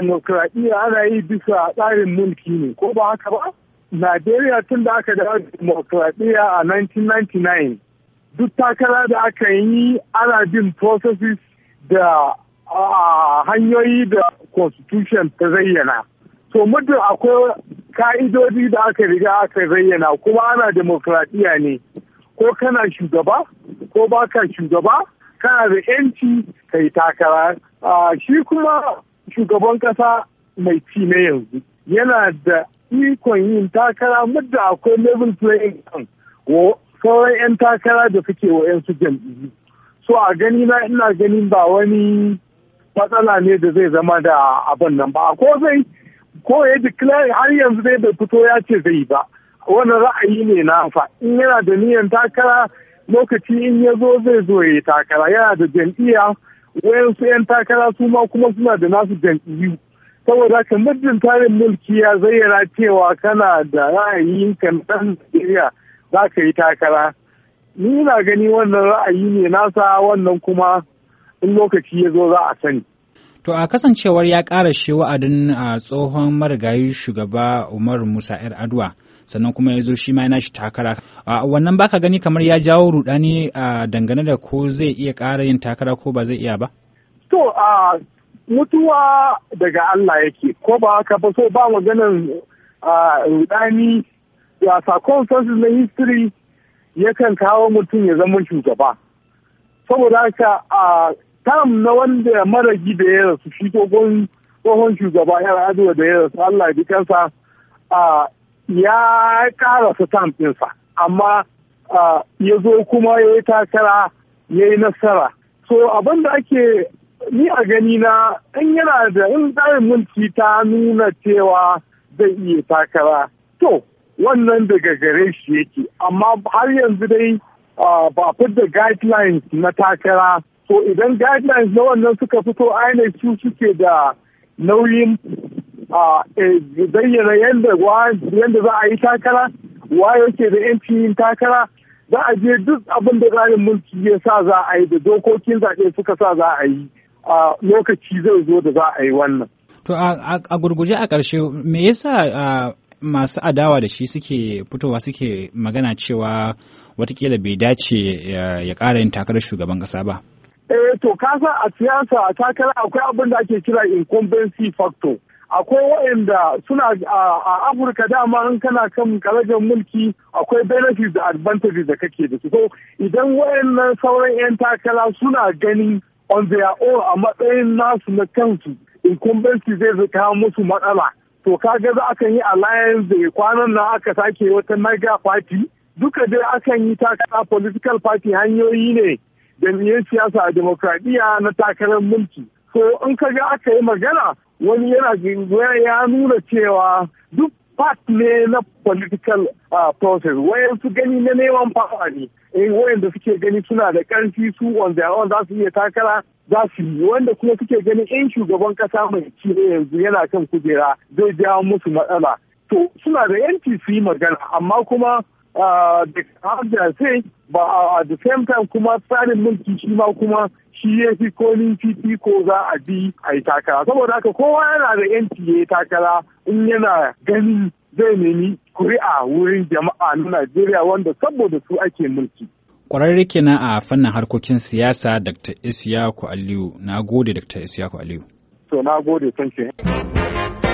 demokradiyya ana yi bisa tsarin mulki ne ko ba haka ba najeriya tun da aka dawo demokradiyya a 1999 duk takara da aka yi ana bin processes da hanyoyi da constitution ta zayyana to muddin akwai ka'idodi da aka riga aka zayyana kuma ana demokradiyya ne ko kana shugaba ko ba ka shugaba kana da yanci ka yi takara shi kuma shugaban ƙasa mai ci na yanzu yana da ikon yin takara muddin akwai level playing ground sauran 'yan takara da suke wa 'yan su jam'iyyu so a gani na ina ganin ba wani matsala ne da zai zama da abin nan ba ko zai ko ya declare har yanzu zai bai fito ya ce zai ba wani ra'ayi ne na fa in yana da niyan takara lokaci in ya zo zai zo ya yi takara yana da jam'iyya wayansu 'yan takara su ma kuma suna da nasu jam'iyyu saboda ka muddin tarin mulki ya zayyana cewa kana da ra'ayin kan dan Najeriya za ka yi takara ni ina gani wannan ra'ayi ne nasa wannan kuma in lokaci ya zo za a sani. To a kasancewar ya ƙara shi wa'adin a tsohon marigayi shugaba Umar Musa 'yar Adwa. sannan kuma ya zo shi ma yana shi takara wannan baka gani kamar ya jawo rudani a dangane da ko zai iya ƙara yin takara ko ba zai iya ba to a mutuwa daga Allah yake ko ba ka ba so ba maganan rudani ya sansu na history yakan kawo mutum ya zama shugaba saboda haka a tam na wanda mara da ya rasu shi tsohon shugaba ya da ya rasu Allah ya kansa a ya ƙara su ɗinsa amma ya zo kuma ya yi takara ya yi nasara so abin da ake ni a gani na in yana da in tsarin minti ta nuna cewa zai iya takara to wannan daga gare shi yake amma har yanzu dai ba da guidelines na takara so idan guidelines na wannan suka fito ainihin su suke da nauyin zayyana yadda yadda za a yi takara wa yake da yanci yin takara za a je duk abin da tsarin mulki ya sa za a yi da dokokin zaɓe suka sa za a yi lokaci zai zo da za a yi wannan. To a gurguje a ƙarshe me yasa masu adawa da shi suke fitowa suke magana cewa watakila bai dace ya ƙara yin takarar shugaban ƙasa ba? Eh to kasa a siyasa a takara akwai abin da ake kira incumbency factor. akwai waɗanda suna a afirka dama in kana kan karajan mulki akwai benefits da advantages da kake da su so idan waɗannan sauran 'yan takara suna gani on their own a matsayin nasu na kansu incumbency zai kawo musu matsala to kaga za akan yi alliance da kwanan nan aka sake wata mega party duka dai akan yi takara political party hanyoyi ne jam'iyyar siyasa a demokradiyya na takarar mulki so in ka ga aka yi magana wani yana ya nuna cewa duk part ne na political uh, process su gani na neman fawa ne eh wayanda suke gani suna da karfi su on their own za su iya takara za su yi wanda kuma suke gani in shugaban kasa mai ci yanzu yana kan kujera zai jawo musu matsala to suna da yanci su yi magana amma kuma Ah, da have sai ba a the same time kuma tsarin mulki shi ma kuma shi ya fi ko fifi ko za a bi a yi takara saboda haka kowa yana da yanci ya yi takara in yana gani zai nemi kuri'a wurin jama'a na Najeriya wanda saboda su ake mulki. Ƙwararre kenan a fannin harkokin siyasa Dr. Isiyaku Aliyu. Na gode Dr. Isiyaku Aliyu. To na gode, thank you.